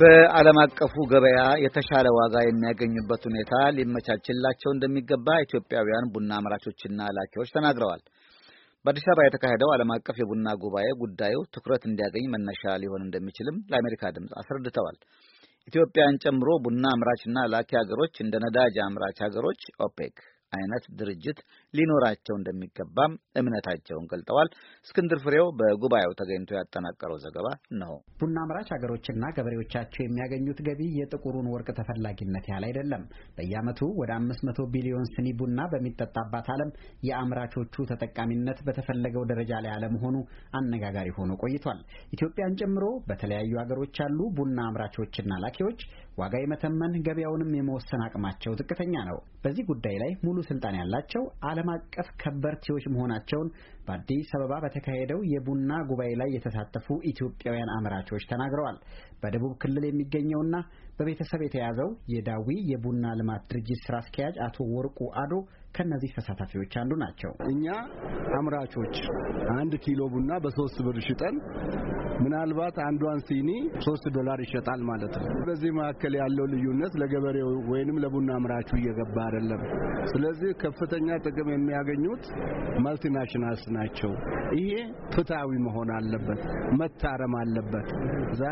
በዓለም አቀፉ ገበያ የተሻለ ዋጋ የሚያገኙበት ሁኔታ ሊመቻችላቸው እንደሚገባ ኢትዮጵያውያን ቡና አምራቾችና ላኪዎች ተናግረዋል። በአዲስ አበባ የተካሄደው ዓለም አቀፍ የቡና ጉባኤ ጉዳዩ ትኩረት እንዲያገኝ መነሻ ሊሆን እንደሚችልም ለአሜሪካ ድምፅ አስረድተዋል። ኢትዮጵያን ጨምሮ ቡና አምራችና ላኪ ሀገሮች እንደ ነዳጅ አምራች ሀገሮች ኦፔክ አይነት ድርጅት ሊኖራቸው እንደሚገባም እምነታቸውን ገልጠዋል። እስክንድር ፍሬው በጉባኤው ተገኝቶ ያጠናቀረው ዘገባ ነው። ቡና አምራች ሀገሮችና ገበሬዎቻቸው የሚያገኙት ገቢ የጥቁሩን ወርቅ ተፈላጊነት ያህል አይደለም። በየዓመቱ ወደ አምስት መቶ ቢሊዮን ስኒ ቡና በሚጠጣባት ዓለም የአምራቾቹ ተጠቃሚነት በተፈለገው ደረጃ ላይ አለመሆኑ አነጋጋሪ ሆኖ ቆይቷል። ኢትዮጵያን ጨምሮ በተለያዩ ሀገሮች ያሉ ቡና አምራቾችና ላኪዎች ዋጋ የመተመን ገበያውንም የመወሰን አቅማቸው ዝቅተኛ ነው። በዚህ ጉዳይ ላይ ሙሉ ስልጣን ያላቸው ዓለም አቀፍ ከበርቴዎች መሆናቸውን በአዲስ አበባ በተካሄደው የቡና ጉባኤ ላይ የተሳተፉ ኢትዮጵያውያን አምራቾች ተናግረዋል። በደቡብ ክልል የሚገኘውና በቤተሰብ የተያዘው የዳዊ የቡና ልማት ድርጅት ስራ አስኪያጅ አቶ ወርቁ አዶ ከእነዚህ ተሳታፊዎች አንዱ ናቸው። እኛ አምራቾች አንድ ኪሎ ቡና በሶስት ብር ሽጠን ምናልባት አንዷን ሲኒ ሶስት ዶላር ይሸጣል ማለት ነው። በዚህ መካከል ያለው ልዩነት ለገበሬው ወይንም ለቡና አምራቹ እየገባ አይደለም። ስለዚህ ከፍተኛ ጥቅም የሚያገኙት መልቲናሽናልስ ናቸው። ይሄ ፍትሐዊ መሆን አለበት፣ መታረም አለበት።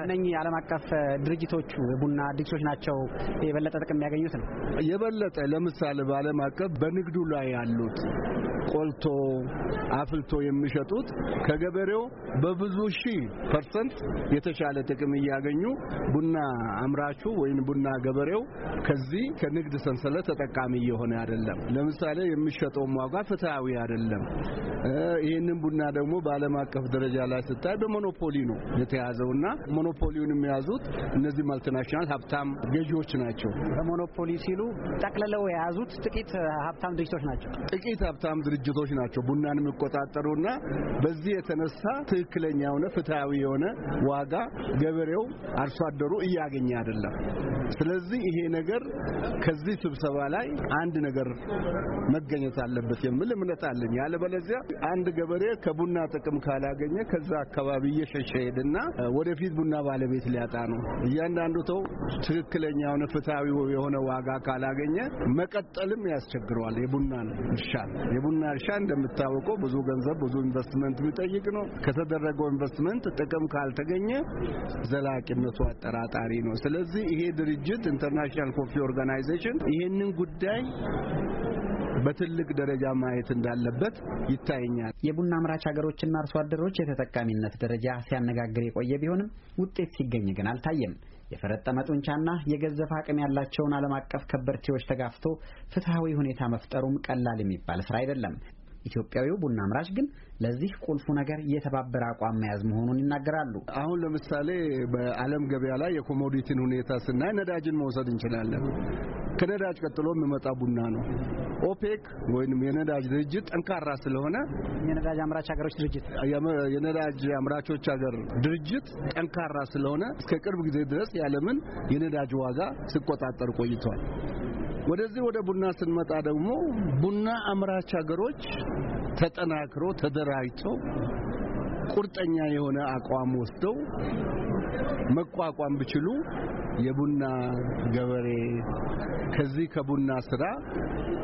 እነኚህ ዓለም አቀፍ ድርጅቶቹ የቡና ድርጅቶች ናቸው የበለጠ ጥቅም የሚያገኙት ነው። የበለጠ ለምሳሌ በዓለም አቀፍ በንግ ንግዱ ላይ ያሉት ቆልቶ አፍልቶ የሚሸጡት ከገበሬው በብዙ ሺህ ፐርሰንት የተሻለ ጥቅም እያገኙ ቡና አምራቹ ወይም ቡና ገበሬው ከዚህ ከንግድ ሰንሰለት ተጠቃሚ እየሆነ አይደለም። ለምሳሌ የሚሸጠውም ዋጋ ፍትሃዊ አይደለም። ይህንን ቡና ደግሞ በዓለም አቀፍ ደረጃ ላይ ስታይ በሞኖፖሊ ነው የተያዘውና ሞኖፖሊውን የሚያዙት እነዚህ ማልቲናሽናል ሀብታም ገዢዎች ናቸው። በሞኖፖሊ ሲሉ ጠቅልለው የያዙት ጥቂት ሀብታም ድርጅቶች ናቸው። ጥቂት ሀብታም ድርጅቶች ናቸው ቡናን የሚቆጣጠሩና በዚህ የተነሳ ትክክለኛ የሆነ ፍትሐዊ የሆነ ዋጋ ገበሬው አርሶ አደሩ እያገኘ አይደለም። ስለዚህ ይሄ ነገር ከዚህ ስብሰባ ላይ አንድ ነገር መገኘት አለበት የሚል እምነት አለኝ። ያለበለዚያ አንድ ገበሬ ከቡና ጥቅም ካላገኘ ከዛ አካባቢ እየሸሸ ሄድና ወደፊት ቡና ባለቤት ሊያጣ ነው። እያንዳንዱ ሰው ትክክለኛ የሆነ ፍትሐዊ የሆነ ዋጋ ካላገኘ መቀጠልም ያስቸግረዋል። የቡና እርሻ ነው። የቡና እርሻ እንደምታወቀው ብዙ ገንዘብ ብዙ ኢንቨስትመንት የሚጠይቅ ነው። ከተደረገው ኢንቨስትመንት ጥቅም ካልተገኘ ዘላቂነቱ አጠራጣሪ ነው። ስለዚህ ይሄ ድርጅት ኢንተርናሽናል ኮፊ ኦርጋናይዜሽን ይሄንን ጉዳይ በትልቅ ደረጃ ማየት እንዳለበት ይታየኛል። የቡና አምራች ሀገሮችና አርሶ አደሮች የተጠቃሚነት ደረጃ ሲያነጋግር የቆየ ቢሆንም ውጤት ሲገኝ ግን አልታየም። የፈረጠመ ጡንቻና የገዘፈ አቅም ያላቸውን ዓለም አቀፍ ከበርቴዎች ተጋፍቶ ፍትሐዊ ሁኔታ መፍጠሩም ቀላል የሚባል ስራ አይደለም። ኢትዮጵያዊው ቡና አምራች ግን ለዚህ ቁልፉ ነገር የተባበረ አቋም መያዝ መሆኑን ይናገራሉ። አሁን ለምሳሌ በዓለም ገበያ ላይ የኮሞዲቲን ሁኔታ ስናይ ነዳጅን መውሰድ እንችላለን። ከነዳጅ ቀጥሎ የሚመጣ ቡና ነው። ኦፔክ ወይንም የነዳጅ ድርጅት ጠንካራ ስለሆነ የነዳጅ አምራች ሀገሮች ድርጅት የነዳጅ አምራቾች ሀገር ድርጅት ጠንካራ ስለሆነ እስከ ቅርብ ጊዜ ድረስ ያለምን የነዳጅ ዋጋ ሲቆጣጠር ቆይቷል። ወደዚህ ወደ ቡና ስንመጣ ደግሞ ቡና አምራች ሀገሮች ተጠናክሮ ተደራጅቶ ቁርጠኛ የሆነ አቋም ወስደው መቋቋም ቢችሉ የቡና ገበሬ ከዚህ ከቡና ስራ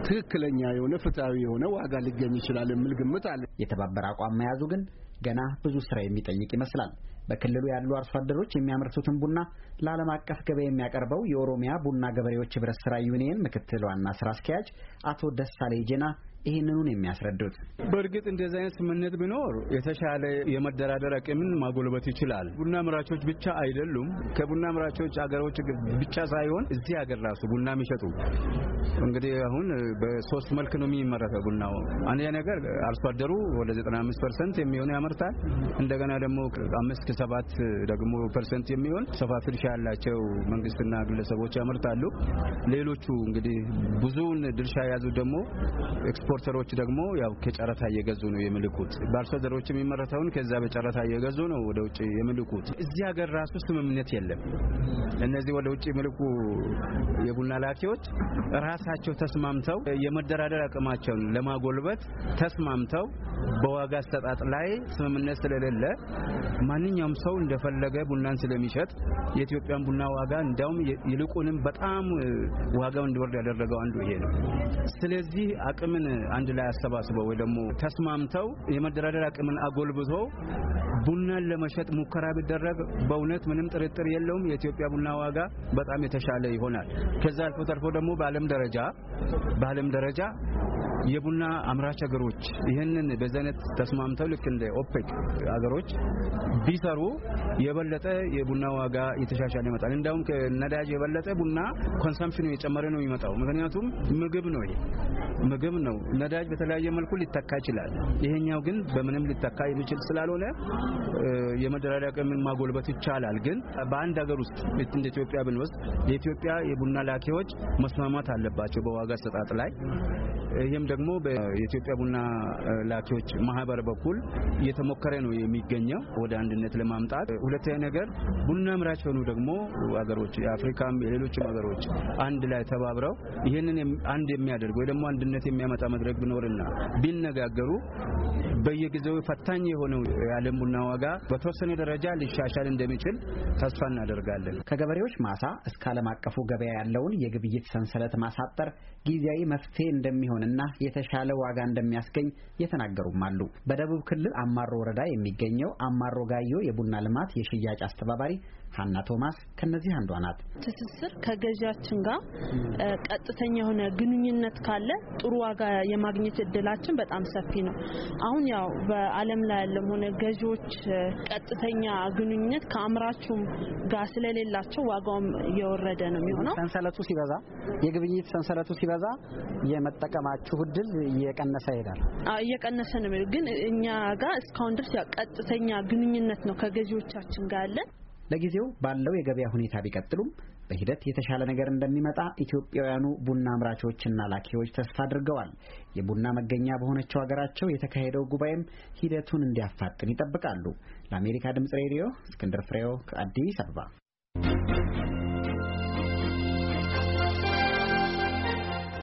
ትክክለኛ የሆነ ፍትሐዊ የሆነ ዋጋ ሊገኝ ይችላል የሚል ግምት አለ። የተባበረ አቋም መያዙ ግን ገና ብዙ ስራ የሚጠይቅ ይመስላል። በክልሉ ያሉ አርሶ አደሮች የሚያመርቱትን ቡና ለዓለም አቀፍ ገበያ የሚያቀርበው የኦሮሚያ ቡና ገበሬዎች ህብረት ስራ ዩኒየን ምክትል ዋና ስራ አስኪያጅ አቶ ደሳሌ ጄና ይህንኑን የሚያስረዱት በእርግጥ እንደዚህ አይነት ስምምነት ቢኖር የተሻለ የመደራደር አቅምን ማጎልበት ይችላል። ቡና አምራቾች ብቻ አይደሉም። ከቡና አምራቾች አገሮች ብቻ ሳይሆን እዚህ ሀገር ራሱ ቡና የሚሸጡ እንግዲህ አሁን በሶስት መልክ ነው የሚመረተው ቡናው። አንደኛ ነገር አርሶ አደሩ ወደ 95 ፐርሰንት የሚሆነው ያመርታል። እንደገና ደግሞ አምስት ሰባት ደግሞ ፐርሰንት የሚሆን ሰፋፊ ድርሻ ያላቸው መንግስትና ግለሰቦች ያመርታሉ። ሌሎቹ እንግዲህ ብዙውን ድርሻ የያዙ ደግሞ ኤክስፖርተሮች ደግሞ ያው ከጨረታ እየገዙ ነው የሚልኩት። በአርሶ አደሮች የሚመረተውን ከዛ በጨረታ እየገዙ ነው ወደ ውጭ የሚልኩት። እዚህ ሀገር ራሱ ስምምነት የለም። እነዚህ ወደ ውጭ የሚልኩ የቡና ላኪዎች ራሳቸው ተስማምተው የመደራደር አቅማቸውን ለማጎልበት ተስማምተው በዋጋ አሰጣጥ ላይ ስምምነት ስለሌለ ማንኛውም ማንኛውም ሰው እንደፈለገ ቡናን ስለሚሸጥ የኢትዮጵያን ቡና ዋጋ እንዳውም ይልቁንም በጣም ዋጋው እንዲወርድ ያደረገው አንዱ ይሄ ነው። ስለዚህ አቅምን አንድ ላይ አሰባስበው ወይ ደግሞ ተስማምተው የመደራደር አቅምን አጎልብቶ ቡናን ለመሸጥ ሙከራ ቢደረግ በእውነት ምንም ጥርጥር የለውም የኢትዮጵያ ቡና ዋጋ በጣም የተሻለ ይሆናል። ከዛ አልፎ ተርፎ ደግሞ በዓለም ደረጃ በዓለም ደረጃ የቡና አምራች ሀገሮች ይህንን በዘነት ተስማምተው ልክ እንደ ኦፔክ ሀገሮች ቢሰ ቢሰሩ የበለጠ የቡና ዋጋ የተሻሻለ ይመጣል። እንዳውም ከነዳጅ የበለጠ ቡና ኮንሰምፕሽኑ የጨመረ ነው የሚመጣው። ምክንያቱም ምግብ ነው፣ ይሄ ምግብ ነው። ነዳጅ በተለያየ መልኩ ሊተካ ይችላል። ይሄኛው ግን በምንም ሊተካ የሚችል ስላልሆነ የመደራደሪያ አቅምን ማጎልበት ይቻላል። ግን በአንድ ሀገር ውስጥ እንደ ኢትዮጵያ ብንወስድ የኢትዮጵያ የቡና ላኪዎች መስማማት አለባቸው በዋጋ አሰጣጥ ላይ። ይህም ደግሞ በኢትዮጵያ ቡና ላኪዎች ማህበር በኩል እየተሞከረ ነው የሚገኘው ወደ አንድነት ለማምጣት ሁለተኛ ነገር ቡና አምራች የሆኑ ደግሞ ሀገሮች የአፍሪካም የሌሎችም ሀገሮች አንድ ላይ ተባብረው ይህንን አንድ የሚያደርግ ወይ ደግሞ አንድነት የሚያመጣ መድረክ ቢኖርና ቢነጋገሩ በየጊዜው ፈታኝ የሆነው የዓለም ቡና ዋጋ በተወሰነ ደረጃ ሊሻሻል እንደሚችል ተስፋ እናደርጋለን። ከገበሬዎች ማሳ እስከ ዓለም አቀፉ ገበያ ያለውን የግብይት ሰንሰለት ማሳጠር ጊዜያዊ መፍትሄ እንደሚሆንና የተሻለ ዋጋ እንደሚያስገኝ የተናገሩም አሉ። በደቡብ ክልል አማሮ ወረዳ የሚገኘው አማሮ ጋዮ የቡና ልማት የሽያጭ አስተባባሪ ሀና ቶማስ ከነዚህ አንዷ ናት። ትስስር ከገዢያችን ጋር ቀጥተኛ የሆነ ግንኙነት ካለ ጥሩ ዋጋ የማግኘት እድላችን በጣም ሰፊ ነው። አሁን ያው በዓለም ላይ ያለም ሆነ ገዢዎች ቀጥተኛ ግንኙነት ከአምራቹም ጋር ስለሌላቸው ዋጋውም የወረደ ነው የሚሆነው። ሰንሰለቱ ሲበዛ፣ የግብይት ሰንሰለቱ ሲበዛ የመጠቀማችሁ እድል እየቀነሰ ይሄዳል። እየቀነሰ ነው ግን እኛ ጋር እስካሁን ድረስ ያው ቀጥተኛ ግንኙነት ነው ከገዢዎቻችን ጋር አለን። ለጊዜው ባለው የገበያ ሁኔታ ቢቀጥሉም በሂደት የተሻለ ነገር እንደሚመጣ ኢትዮጵያውያኑ ቡና አምራቾችና ላኪዎች ተስፋ አድርገዋል። የቡና መገኛ በሆነችው ሀገራቸው የተካሄደው ጉባኤም ሂደቱን እንዲያፋጥን ይጠብቃሉ። ለአሜሪካ ድምጽ ሬዲዮ እስክንድር ፍሬው ከአዲስ አበባ